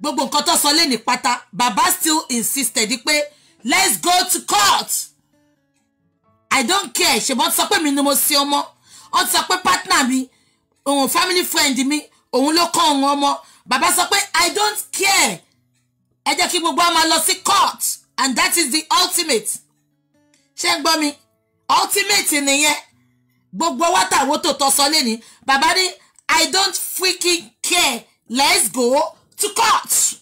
gbogbo nǹkan tó sọ lé ní pátá bàbá still insisted pé let's go to court i don't care ṣùgbọ́n ti sọ pé mi ni mo ṣe ọmọ ó ti sọ pé partner mi òun family friend mi òun ló kọ́ òun ọmọ bàbá sọ pé i don't care ẹ jẹ́ kí gbogbo ọmọ lọ sí court and that is the ultimate ṣé ń gbọ́ mi ultimate nìyẹn gbogbo wátàwótò tó sọ lé ní bàbá ní i don't freaking care let's go to court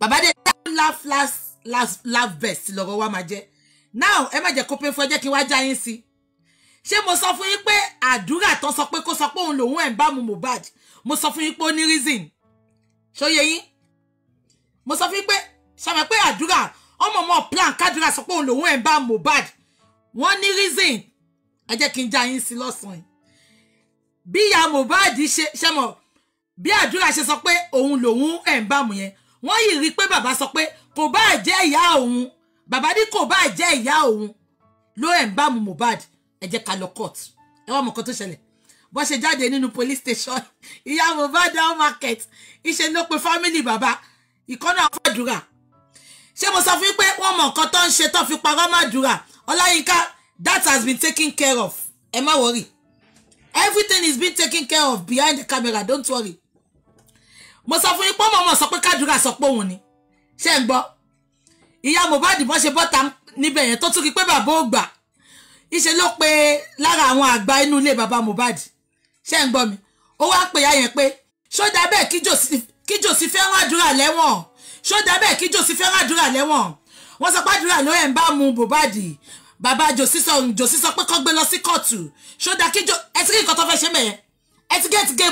bàbá dé laugh last last laugh best lọ́rọ̀ wa máa jẹ́ now ẹ má jẹ́ kó pé fún ẹ jẹ́ kí wá já yín sí ṣé mo sọ fún yín pé àdúrà tó sọ pé kó sọ pé òun lòun ẹ̀ ń bá mu Mohbad mo sọ fún yín pé ó ní reason ṣó yín mo sọ fún yín pé ṣàmì pé àdúrà ọmọ ọmọ plan kádùrà sọ pé òun lòun ẹ̀ ń bá Mohbad wọ́n ní reason ẹ jẹ́ kí n já yín sí lọ́sàn-án bí ìyá Mohbad ṣe ṣe bí àdúrà ṣe sọ pé òun lòun ẹ̀ ń bàmù yẹn wọ́n yìí rí i pé bàbá sọ pé kò bá jẹ́ ìyá òun bàbá ní kò bá jẹ́ ìyá òun ló ẹ̀ ń bàmù Mohbad ẹ jẹ́ court ẹ wọ́n mọ̀ kó tó ṣẹlẹ̀ bó ṣe jáde nínú police station ìyá Mohbad down market iṣẹ́ ló pe family bàbá ìkọ́nà àfọ̀dúrà ṣé mo sọ fún yín pé wọ́n mọ̀ nǹkan tó ń ṣe tó fi parọ́ má dúrà Ọláyínká that has been taken care of ẹ má worry everything is being taken care of behind the camera don't worry mo sọ fún yín pọ́n mọ̀mọ́ sọ pé kádùrà sọ pé òun ni ṣé ń gbọ́ ìyá Mohbad bọ́n ṣe bọ́ta níbẹ̀ yẹn tó tún kí pé bàbá ò gbà ìṣe ló pe lára àwọn àgbà inú ilé bàbá Mohbad ṣé ń gbọ́ mi ó wá ń pè ya yẹn pé ṣódà bẹ́ẹ̀ kí jòsí fẹ́ràn àdúrà lẹ́wọ̀n ṣódà bẹ́ẹ̀ kí jòsí fẹ́ràn àdúrà lẹ́wọ̀n wọ́n sọ pé àdúrà ló ẹ̀ ń bá mu Mohbad bàbá jòsí sọ jòsí sọ pé kọ́ gbé lọ sí kóòtù ṣódà kí ẹ ti rí nǹkan tó fẹ́ ṣe mẹ́yẹn ẹ ti gé ti gé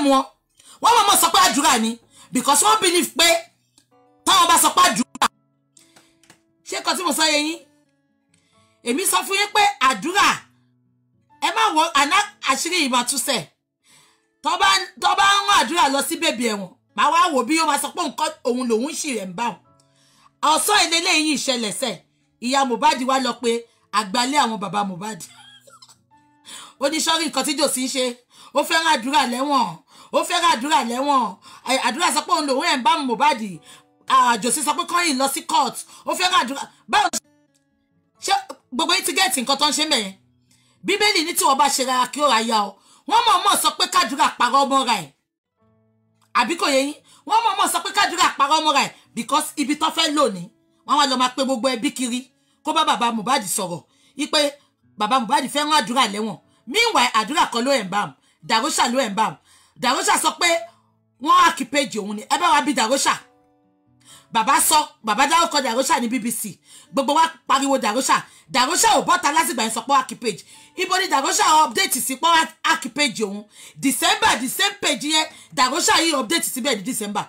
wọn mọ̀ sọ pé àdúrà ni because one believe pé táwọn bá sọ pé àdúrà ṣé kan tí mo sọ yẹn yín èmi sọ fún yín pé àdúrà ẹ má wọ àná àṣírí ìmọ̀túnṣẹ̀ tó bá ń rán àdúrà lọ sí bèbè ẹ̀wọ̀n màá wá wò bí ó máa sọ pé nǹkan òun lòun ṣì rẹ̀ ń bá wọn ọ̀sán eléyìí ìṣẹ̀lẹ̀ sẹ̀ ìyá Mohbad wá lọ pé àgbálẹ̀ àwọn bàbá Mohbad oníṣọ́rí nǹkan tí jòsí ń ṣe ó fẹ́ràn àdúrà lẹ́wọ̀n ó fẹ́ ra àdúrà lẹ́wọ̀n àdúrà sọ pé òun lòun ẹ̀ ń bá Mohbad àjòsí sọ pé kọ́yìn lọ sí court ó fẹ́ ra àdúrà báwo ṣe gbogbo yìí ti gẹ̀ẹ́tì nǹkan tó ń ṣe mẹ́yẹn bíbélì ní tí wọ́n bá ṣe rárá kí ó ra ya ọ wọ́n mọ̀ mọ̀ sọ pé kádùrà parọ́ ọmọ ra ẹ̀ àbí kò yẹ yín wọ́n mọ̀ mọ̀ sọ pé kádùrà parọ́ ọmọ ra ẹ̀ because ibi tó fẹ́ lò ní wọ́n wá lọ máa pe gbogbo ẹbí kiri kó bá bàbá Mohbad sọ̀rọ̀ wípé bàbá Mohbad fẹ́ àdúrà lẹ́wọ̀n meanwhile àdúrà kan ló ẹ̀ ń bàm dàrúṣà ló ẹ̀ ń bàm dàrósà sọ pé wọ́n á kí péjì òun ni ẹ bá wa bí dàrósà bàbá sọ bàbá dárúkọ dàrósà ní BBC gbogbo wa pariwo dàrósà dàrósà ò bọ́ta lásìgbà yẹn sọ pé wọ́n á kí péjì ibo ni dàrósà update sí pé wọ́n á kí òun December the same page yẹn dàrósà yìí update síbẹ̀ ní December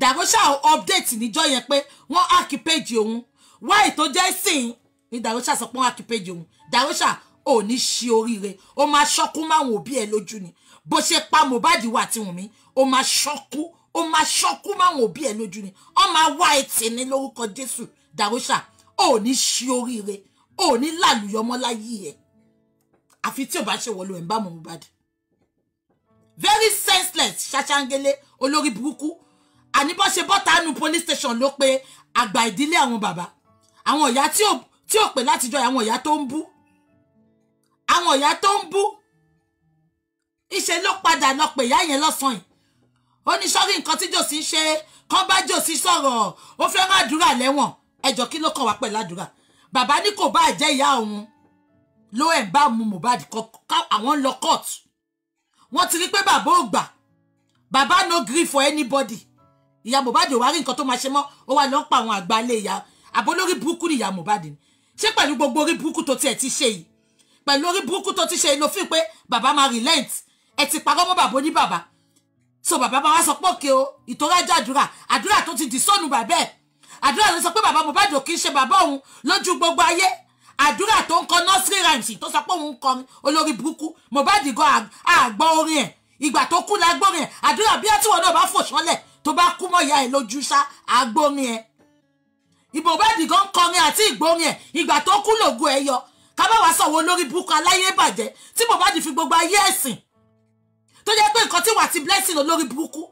dàrósà update níjọ́ yẹn pé wọ́n á kí péjì òun wáì tó jẹ́ sìn ní dàrósà sọ pé wọ́n á kí péjì òun dàrósà ò ní ṣe oríire ó máa ṣọ́kú máwọn òbí ẹ lójú ni bó ṣe pa Mohbad wa tí wùn mí ó máa ṣọ́kú ó máa ṣọ́kú máwọn òbí ẹ̀ lójú ni ó máa wá etí ní lórúkọ Jésù dàrúṣà ó ní ṣí oríire ó ní làlùyọmọ láyé ẹ̀ àfi tí ò bá ṣe wọlé ẹ̀ ń bá Mohbad very senseless shachangele olori burúkú àní bó ṣe bọ́ta police station ló pe àgbà ìdílé àwọn bàbá àwọn ìyá tí ò pè látijọ́ àwọn ìyá tó ń bú àwọn ìyá tó ń bú ìṣe ló padà lọ pè ìyá yẹn lọ́sàn yìí ó ní sọ́rí nǹkan tí jòsí ń ṣe kán bá jòsí sọ̀rọ̀ ó fẹ́ràn àdúrà lẹ́wọ̀n ẹjọ́ kí ló kàn wá pẹ̀lú àdúrà bàbá ní kò bá jẹ́ ìyá òun ló ẹ̀ bá mu Mohbad àwọn lọ kóòtù wọ́n ti rí pé bàbá ò gbà bàbá no gree for anybody ìyá Mohbad ò wá rí nǹkan tó máa ṣe mọ́ ó wà lọ́n pa àwọn àgbà ilé ìyá àbólórí burúkú ni ìyá Mohbad ni ṣé pẹ̀lú gbogbo orí burúkú tó tiẹ̀ ti ṣe yìí pẹ̀lú orí burúkú tó ti ṣe yìí ló fi pé bàbá máa relent ẹ ti parọ́ mọ́ bàbá ní bàbá so bàbá máa wá sọ pé òkè o ìtọ́rájà àdúrà àdúrà tó ti dì sọ́nù bàbá ẹ̀ àdúrà ló sọ pé bàbá Mohbad ò kì í ṣe bàbá òun lójú gbogbo ayé àdúrà tó ń kọ nursery rhymes tó sọ pé òun ń kọrin olórí burúkú Mohbad gan àgbọ́ orin ẹ̀ ìgbà tó kú la gbórin ẹ̀ àdúrà bí ẹtí wọn náà bá fò sánlẹ̀ tó bá kú mọ́ ìyá ẹ̀ lójú ṣá àgbórin ẹ̀ Mohbad gan kọrin àti ìgbórin ẹ̀ ìgbà tó kú lògùn ẹ̀ yọ ká bá wàá sọ̀wọ́ olórí burúkú aláyé bàjẹ́ tí Mohbad fi gbogbo ayé ẹ̀sìn tó jẹ́ pé nǹkan tí wà ti blessing olórí burúkú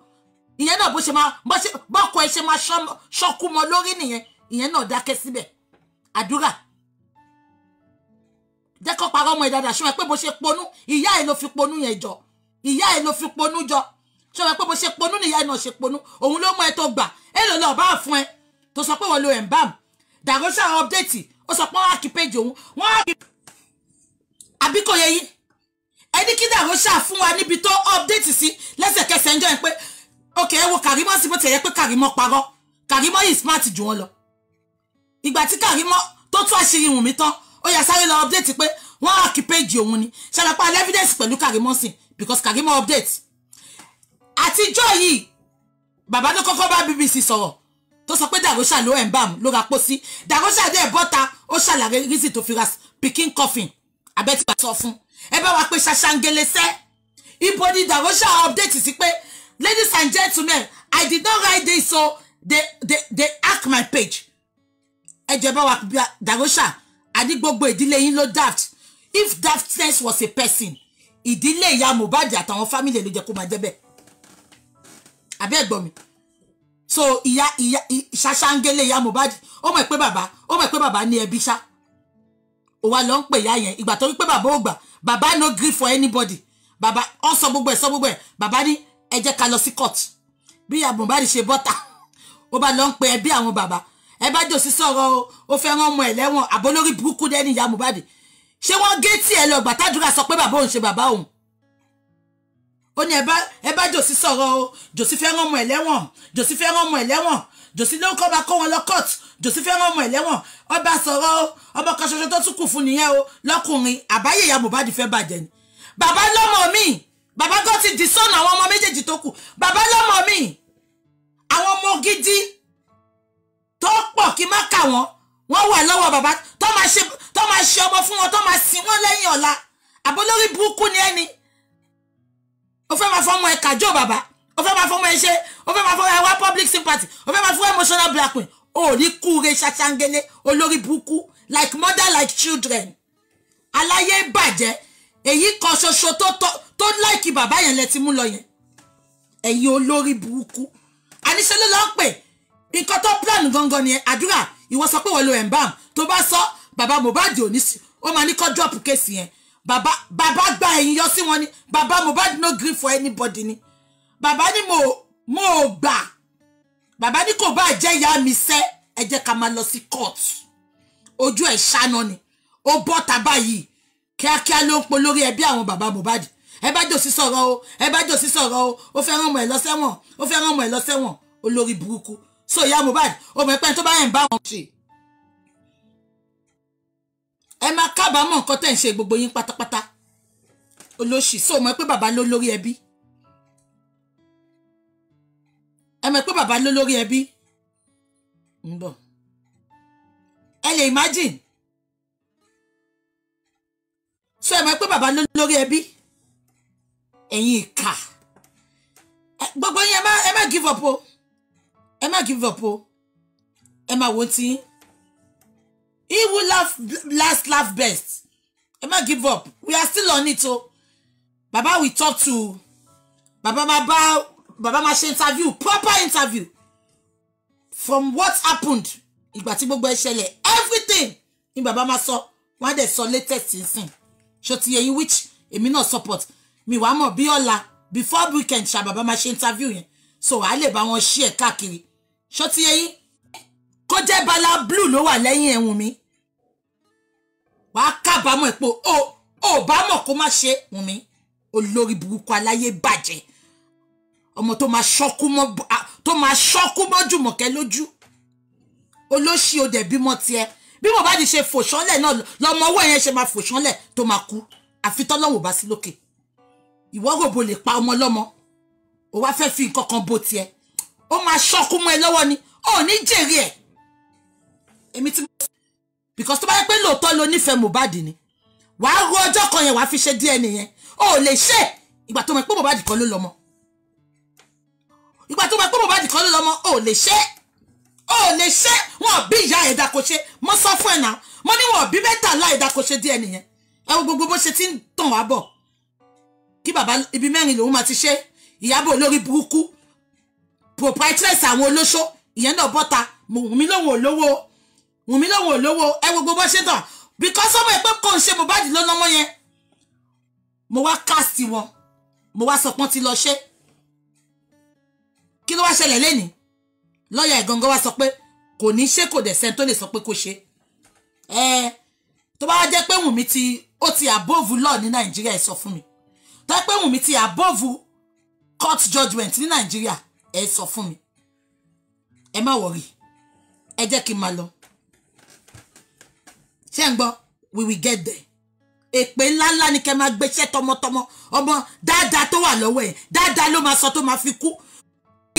ìyẹn náà bó ṣe máa bọ́kọ ẹ ṣe máa ṣọ́kú mọ lórí nìyẹn ìyẹn náà dákẹ́ síbẹ̀ àdúrà jẹ́kọ̀ parọ́ ọmọ ìdàdà ṣọ́ ẹ pé bó ṣe ponú ìyá ẹ ló fi ponú yẹn jọ ìyá ẹ ló fi ponú jọ ṣọ́ ẹ pé bó ṣe ponú nìyá ẹ náà ṣe ponú òun ló mọ ẹ tó gbà ẹ lò lọ bá fún ẹ tó sọ pé wọ́n lo embam dàgọ́ṣà update ó sọ pé wọ́n á kí page òun wọ́n á kí àbíkò yẹ yìí ẹni kí dàrú ṣáà fún wa níbi tó update sí lẹ́sẹ̀kẹsẹ̀ ń jọ yẹn pé ok ẹ wo Kàrímọ́ sí bó ti yẹ pé Kàrímọ́ parọ́ Kàrímọ́ yìí smart jù wọn lọ ìgbà tí Kàrímọ́ tó tún àṣírí wùn mí tán ó yá sáré lọ update pé wọ́n á kí péjì òun ni ṣàlàpá evidence pẹ̀lú Kàrímọ́ sí because Kàrímọ́ update àtijọ́ yìí bàbá ló kọ́kọ́ bá BBC sọ̀rọ̀ tó sọ pé dàrósà ló ẹ̀ ń bà mú ló ra pósí dàrósà dẹ̀ bọ́ta ó ṣàlàyé rísì tó fi ra pikin coffin abẹ́tí bá sọ fún un ẹ bá wa pé ṣàṣàǹgẹ̀lẹ̀sẹ̀ ibo ni dàwọ́ṣà update sí pé ladies and gentlemen i did not write this so they they they hack my page ẹ jẹ́ bá wa dàwọ́ṣà àní gbogbo ìdílé yín ló daft if daftness was a person ìdílé ìyá Mohbad àtàwọn family ló jẹ́ kó máa jẹ́ bẹ́ẹ̀ àbí ẹ̀gbọ́n mi so ìyá ìyá ṣaṣangele ìyá Mohbad ó mọ̀ pé bàbá ó mọ̀ pé bàbá ní ẹbí ṣá ó wá lọ ń pè ìyá yẹn ìgbà tó ń bàbá ò gbà Baba no gree for anybody Baba, ọ sọ gbogbo ẹ sọ gbogbo ẹ bàbá ní ẹ jẹ́ ká lọ sí court bí Mohbad ṣe bọ́ta ó bá lọ ń pe ẹbí àwọn bàbá ẹ bá jòsí sọ̀rọ̀ o ó fẹ́ rán ọmọ ẹ̀ lẹ́wọ̀n àbólórí burúkú dẹ́ni ìyá Mohbad ṣé wọ́n gé tí ẹ lọ gbàtàdúrà sọ pé bàbá òun ṣe bàbá òun ó ní ẹ bá jòsí sọ̀rọ̀ o jòsí fẹ́ rán ọmọ ẹ̀ lẹ́wọ̀n jòsí fẹ́ rán ọmọ ẹ̀ lẹ́wọ̀n jòsí ló ń kọ́ kó wọn lọ court jòsí fẹ́ràn ọmọ ẹ̀ lẹ́wọ̀n ọba sọ̀rọ̀ o ọmọ kan ṣoṣo tó tún kù fún nìyẹn o lọ́kùnrin àbáyé ìyá Mohbad fẹ́ bàjẹ́ ni bàbá lọ́mọ mi bàbá gan ti dì sọ́nà àwọn ọmọ méjèèjì tó kù bàbá lọ́mọ mi àwọn ọmọ gidi tó pọ̀ kí má kà wọ́n wọ́n wà lọ́wọ́ bàbá tó máa ṣe ọmọ fún wọn tó máa sin wọn lẹ́yìn ọ̀la àbólórí burúkú ni ẹni O, fẹ́ máa fọmọ ẹ̀ kàjọ bàbá O, fẹ́ máa fọmọ ẹ̀ ṣe O, fẹ́ máa fọmọ ẹ̀ wá public sympathy O, fẹ́ máa fọmọ emotional blackmail òní kúre ṣaṣangele olórí burúkú like mother like children aláyé bàjẹ́ èyí kan ṣoṣo tó tó tó láìkí bàbá yẹn lẹ ti mú lọ yẹn ẹ̀yin olórí burúkú àníṣe ló lọ ń pè nǹkan tó plan gangan ni àdúrà ìwọ sọ pé wọ́n lo embam tó bá sọ bàbá Mohbad ò ní sí ó máa ní kó drop case yẹn bàbá bàbá gba ẹ̀yìn yọ sí wọn ni bàbá Mohbad no gree for anybody ni bàbá ni mo mo gbà bàbá ní kò bá jẹ́ ìyá mi sẹ́ ẹ jẹ́ ká máa lọ sí court ojú ẹ̀ ṣáná ni ó bọ́ ta báyìí kíákíá ló ń pọ̀ lórí ẹbí àwọn bàbá Mohbad ẹ bá jòsí sọ̀rọ̀ o ẹ bá jòsí sọ̀rọ̀ o ó fẹ́ rán ọmọ ẹ̀ lọ sẹ́wọ̀n ó fẹ́ rán ọmọ ẹ̀ lọ sẹ́wọ̀n olórí burúkú so ìyá Mohbad ọmọ ẹ̀pẹ́ tó bá yẹn bá wọn ṣe ẹ máa kábàámọ̀ nǹkan tẹ̀ ń ṣe gbogbo yín pátápátá olóṣì so mọ̀ pé bàbá ló lórí ẹbí ẹ mọ̀ pé bàbá ló lórí ẹbí ń bọ̀ ẹ lè imagine so ẹ mọ̀ pé bàbá ló lórí ẹbí ẹ̀yin ìkà gbogbo yín ẹ má give up o ẹ má give up o ẹ má wo tí he who laugh last laugh best ẹ má give up we are still on it o Baba, we talk to Baba, máa bow. Baba Ma ṣe interview proper interview from what happened ìgbà tí gbogbo ẹ everything ni Baba máa sọ wọ́n á dẹ̀ sọ latest nsìn ṣó ti yẹ which èmi náà support mi wàá mọ̀ bí ọ̀la before weekend ṣá Baba Ma ṣe interview yẹn so wàá lè bá wọn ṣí ẹ̀ káàkiri ṣó ti kó jẹ́ bala blue ló wà lẹ́yìn ẹ̀wùn mi wàá kábàámọ̀ ẹ̀ pé o ò bá mọ̀ kó má ṣe wùn mí olórí burúkú aláyé bàjẹ́ ọmọ tó máa ṣọ́kú mọ́ tó máa ṣọ́kú mọ́ jùmọ̀kẹ́ lójú olóṣì òdẹ̀ bímọ tiẹ̀ bí mo bá ti ṣe fòṣánlẹ̀ náà lọmọ owó yẹn ṣe máa fòṣánlẹ̀ tó máa kú àfi tọ́lọ́wọ̀ bá sí lókè ìwọ́gòbò lè pa ọmọ lọ́mọ ò wá fẹ́ fi nǹkan kan bo tiẹ̀ ó máa ṣọ́kú mọ́ ẹ lọ́wọ́ ni ó ní jèrè ẹ̀ èmi ti mọ̀ because tó bá yẹ pé lóòótọ́ lo nífẹ̀ẹ́ Mohbad ni wàá ro ọjọ́ kan yẹn wàá fi ṣe DNA yẹn ó lè ṣe ìgbà tó mọ̀ pé Mohbad kan ló lọ́mọ ìgbà tó máa pé Mohbad kọ́ ló lọ́mọ ò lè ṣe ò lè ṣe wọn bí ìyá ẹ̀dá kò ṣe mo sọ fún ẹ̀ náà mo ní wọn bí mẹ́ta láì ẹ̀dá kò ṣe díẹ̀ nìyẹn ẹ gbogbo bó ṣe ti ń tàn wá bọ̀ kí bàbá ibi mẹ́rin lòun máa ti ṣe ìyábọ̀ olórí burúkú proprietress àwọn olóṣó ìyẹn náà bọ́ta wùmí lòun ò lówó wùmí lòun ò lówó ẹ gbogbo ṣe tàn because ọmọ ẹ pé kò ń ṣe Mohbad lọ́nà ọmọ yẹn mo wá cast wọn mo wá sọ ti lọ ṣe kí ló wá ṣẹlẹ̀ lẹ́nìí lọ́ọ̀yà ìgangan wá sọ pé kò ní ṣe kò dẹ̀ sẹ́ni tó lè sọ pé kò ṣe ẹ tó bá wá jẹ́ pé Wùnmí ti ó ti above law ní Nàìjíríà ẹ sọ fún mi tó bá pé Wùnmí ti above court judgement ní Nàìjíríà ẹ sọ fún mi ẹ má wọrí ẹ jẹ́ kí n máa lọ ṣé ń gbọ́ we will get there èpè ńláńlá ni kẹ́ máa gbéṣẹ́ tọmọtọmọ ọmọ dáadáa tó wà lọ́wọ́ ẹ̀ dáadáa ló máa sọ tó máa fi kú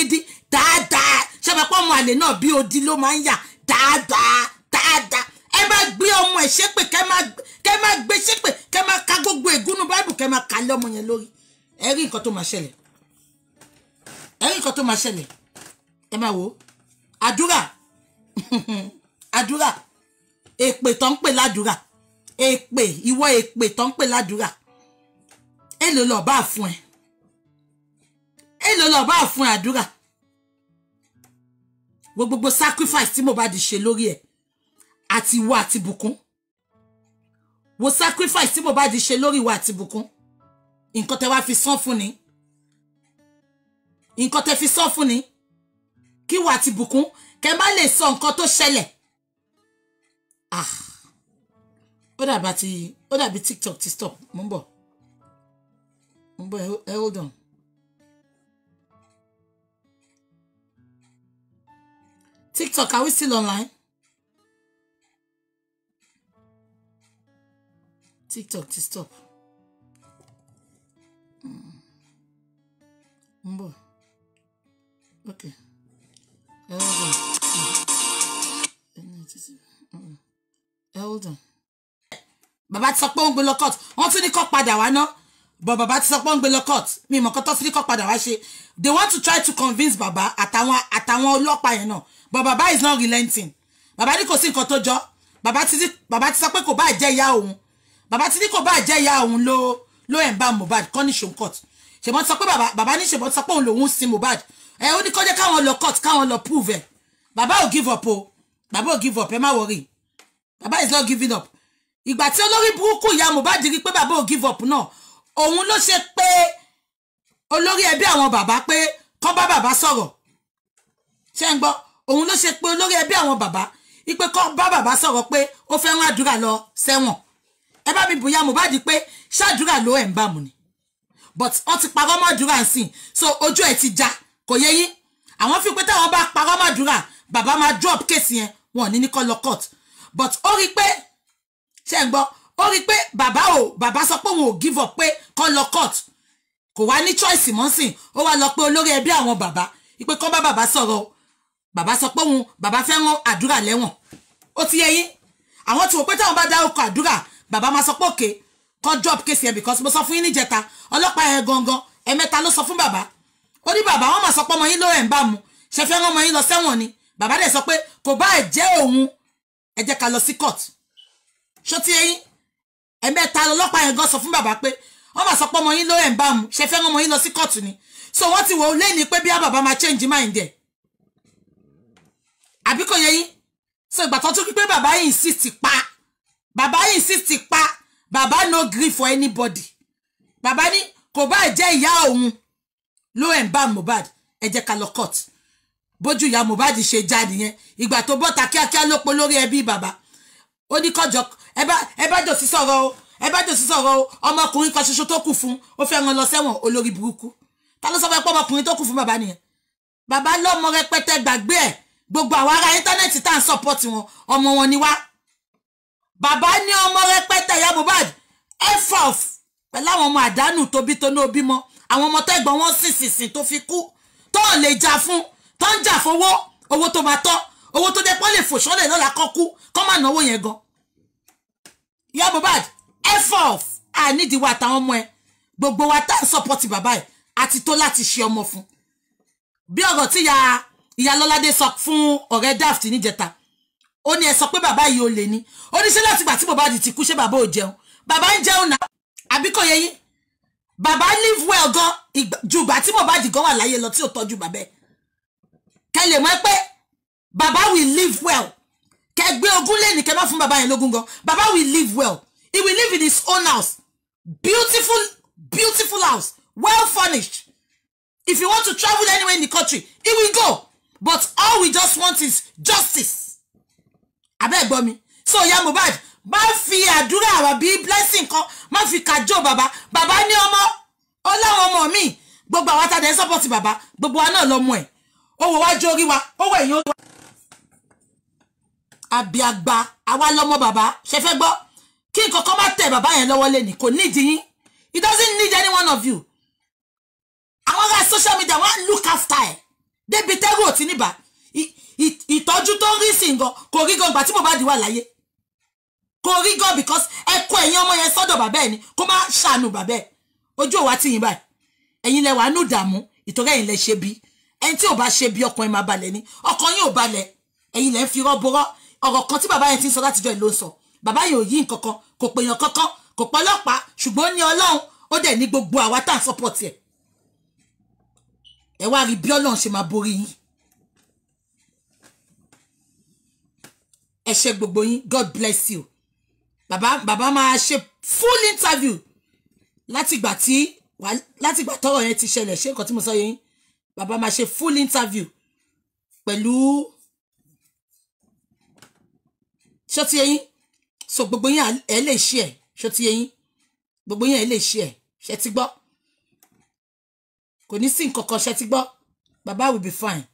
gidi dáadáa ṣàpapọ̀ ọmọ àlè náà bí odi ló máa ń yà dáadáa dáadáa ẹ bá gbé ọmọ ẹ̀ ṣépè kẹ́ máa gbé ṣépè kẹ́ máa ka gbogbo ègúnú báìbù kẹ́ máa kà lé ọmọ yẹn lórí ẹ rí nǹkan tó máa ṣẹlẹ̀ ẹ rí nǹkan tó máa ṣẹlẹ̀ ẹ máa wò ó àdúrà àdúrà èpè tó ń pè ládùúrà èpè ìwọ èpè tó ń pè ládùúrà èlò lọ́ọ́ bá fún ẹ èlò lọ́ọ́ bá fún ẹ àdúrà gbogbo sacrifice tí Mohbad ṣe lórí ẹ̀ àti ìwọ àti bùkún wo sacrifice tí Mohbad ṣe lórí ìwọ àti bùkún nǹkan tẹ wá fi san fún ni nǹkan tẹ fi san fún ni kí ìwọ àti bùkún kẹ má lè sọ nǹkan tó ṣẹlẹ̀ ah ó dàbí ti ó dàbí tiktok ti stop mo ń bọ̀ mo ń bọ̀ ẹ hold on. TikTok, are we still online? TikTok ti stop. Hmm. Boy, Okay. Hold on. Hmm. Hmm. Hold on. Bàbá ti sọ pé ó ń gbé lọ court. Wọ́n tún but Baba, ti sọ pé ń gbé lọ court mi mọ̀ kọ́ tó fi padà wá ṣe they want to try to convince Baba àtàwọn àtàwọn ọlọ́pàá yẹn náà but Baba is not relenting Baba ni kò sí nǹkan tó jọ Baba ti bàbá ti sọ pé kò bá jẹ́ ìyá òun bàbá ti ní kò bá jẹ́ ìyá òun ló ló ẹ̀ ń bá Mohbad kọ́ ní ṣòun court ṣèbọn sọ pé bàbá bàbá ní ṣèbọn sọ pé òun lòun sin Mohbad ẹ ó ní kó jẹ́ káwọn lọ court káwọn lọ prove ẹ̀ bàbá ò give up o Baba ò give up ẹ má wọrí bàbá is not giving up ìgbà tí olórí burúkú ìyá Mohbad rí pé bàbá ò give up náà òun ló ṣe pé olórí ẹbí àwọn bàbá pé kọ́ bá bàbá sọ̀rọ̀ ṣé ń gbọ́ òun ló ṣe pé olórí ẹbí àwọn bàbá ipe kọ́ bá bàbá sọ̀rọ̀ pé ó fẹ́ rán àdúrà lọ sẹ́wọ̀n ẹ bá mi bùyá Mohbad pé ṣàdúrà ló ẹ̀ ń bá mu ni but wọ́n ti parọ́ mọ́ àdúrà sìn so ojú ẹ̀ ti já kò yẹ yín àwọn fi pé táwọn bá parọ́ mọ́ àdúrà bàbá máa drop case yẹn wọn ò ní ní kọ́ lọ court but ó rí i pé ṣé ń gbọ́ ó rí i pé bàbá ò bàbá sọ pé òun ò give up pé kọ́ lọ court kò wá ní choice mọ́ sìn ó wá lọ pé olórí ẹbí àwọn bàbá ipe kọ́ bá bàbá sọ̀rọ̀ o bàbá sọ pé òun bàbá fẹ́ràn àdúrà lẹ́wọ̀n ó ti yẹ yín àwọn tí wò pé táwọn bá dárúkọ àdúrà bàbá máa sọ pé òkè kọ́ drop case yẹn because mo sọ fún yín níjẹta ọlọ́pàá yẹn gangan ẹ̀mẹ́ta ló sọ fún bàbá ó ní bàbá wọn máa sọ pé ọmọ yín ló rẹ̀ ń bá mu ṣe fẹ́ràn ọmọ yín lọ sẹ́wọ̀n ni bàbá dẹ̀ sọ pé kò bá ẹ̀ jẹ́ òun ẹ ká lọ sí court ṣó ti yẹ yín ẹ̀mẹ́ta ọlọ́pàá yẹn gan sọ fún bàbá pé wọ́n bá sọ pé ọmọ yín ló ẹ̀ ń bá mu ṣe fẹ́ ọmọ yín lọ sí kóòtù ni so wọ́n ti wò ó lé ní pé bí bàbá máa change mind ẹ̀ àbí kò yẹ yín so ìgbà tó tún kí pé bàbá yìí insist pa bàbá yìí insist pa bàbá no gree for anybody bàbá ní kò bá jẹ́ ìyá òun ló ẹ̀ ń bá Mohbad ẹ jẹ́ ká lọ court bójú ìyá Mohbad ṣe já nìyẹn ìgbà tó bọ́ta kíákíá ló polórí ẹbí bàbá ó ní kọjọ ẹ bá jòsí sọ̀rọ̀ o ẹ bá jòsí sọ̀rọ̀ o ọmọkùnrin kan ṣoṣo tó kù fún ó fẹ́ ran lọ sẹ́wọ̀n olórí burúkú ta ló sọ fẹ́ pé ọmọkùnrin tó kù fún bàbá nìyẹn bàbá lọ́mọ rẹpẹtẹ gbàgbé ẹ̀ gbogbo àwọn ará íńtánẹ́ẹ̀tì tá à ń support wọn ọmọ wọn ni wá bàbá ní ọmọ rẹpẹtẹ ìyá Mohbad efof pẹ̀lú àwọn ọmọ àdánù tóbi tó ní obímọ àwọn ọmọ tẹ́gbọ̀n wọn sì sì sìn tó fi kú tó ń lè jà fún tó ń jà fowó owó tó máa tọ́ owó tó dẹ́ pọ́n lè fòṣọ́lẹ̀ lọ́la kọ́ kú kọ́ máa náwó yẹn gan ìyá Mohbad effort ànídìí wa táwọn ọmọ ẹ gbogbo wa tá à ń sọpọ́tì bàbá ẹ̀ àti tó láti ṣe ọmọ fún bí ọ̀rọ̀ tí ìyá ìyá lọ́ládé sọ fún ọ̀rẹ́ daft níjẹta ó ní ẹ sọ pé bàbá yìí ò lè ní ó ní ṣé láti gbà tí Mohbad ti kú ṣé bàbá ò jẹun bàbá ń jẹun náà àbí kò yẹ yín bàbá live well gan ju ìgbà tí Mohbad gan wà láyé lọ tí ò tọ́jú bàbá ẹ̀ kẹ́ lè pé bàbá will live well kẹgbẹ́ ogún ni kẹ má fún bàbá yẹn lógún gan bàbá will live well he will live in his own house beautiful beautiful house well furnished if you want to travel anywhere in the country he will go but all we just want is justice abẹ́ gbọ́ mi so ya Mohbad bá fi àdúrà àwa bíi blessing kan má fi kàjọ bàbá Baba ní ọmọ ó láwọn ọmọ mi gbogbo àwọn àtàdé support bàbá gbogbo wa náà lọmọ ẹ ó wájú orí wa ó wọ orí wa àbíàgbà àwa lọmọ bàbá ṣe fẹ́ gbọ́ kí nǹkan kan bá tẹ̀ bàbá yẹn lọ́wọ́ lé ní kò yín it doesn't need any one of you àwọn ará social media wọn look after ẹ débi tẹ́rù òtí níbà ìtọ́jú tó ń rí sí nǹkan kò rí gan gbà tí Mohbad wà láyé kò rí gan because ẹ kọ ẹ̀yin ọmọ yẹn sọ́dọ̀ bàbá ẹ̀ ni kó má ṣàánú bàbá ẹ̀ ojú òwa ti yín báyìí ẹ̀yin lẹ wà á nù dààmú ìtọ́jú ẹ̀yin lẹ ṣe bí ẹni tí ò bá ṣe bí ọkàn máa balẹ̀ ni ọkàn yín ò balẹ̀ ẹ̀yin lẹ ń fi rọ́bọ́rọ́ ọ̀rọ̀ kan tí bàbá yẹn ti ń sọ látijọ́ ìlú ń sọ bàbá yẹn ò yí nkankan kò pèèyàn kankan kò pọlọ́pàá ṣùgbọ́n ó ní ọlọ́run ó dẹ̀ ní gbogbo àwa tá à ń sọ́pọ̀tì ẹ̀ ẹ wá rí bí ọlọ́run ṣe máa borí yín ẹ ṣé gbogbo yín God bless you bàbá bàbá máa ṣe full interview látìgbà tí látìgbà tọ́rọ̀ yẹn ti ṣẹlẹ̀ ṣé nǹkan tí mo sọ yẹn bàbá máa ṣe full interview pẹ̀lú. ṣó ti yẹn so gbogbo yẹn ẹ lè ṣe ẹ ṣó ti yẹn gbogbo yẹn ẹ lè ṣe ẹ ṣe ti gbọ́ kò ní sí nǹkan kan ṣe ti gbọ́ baba will be fine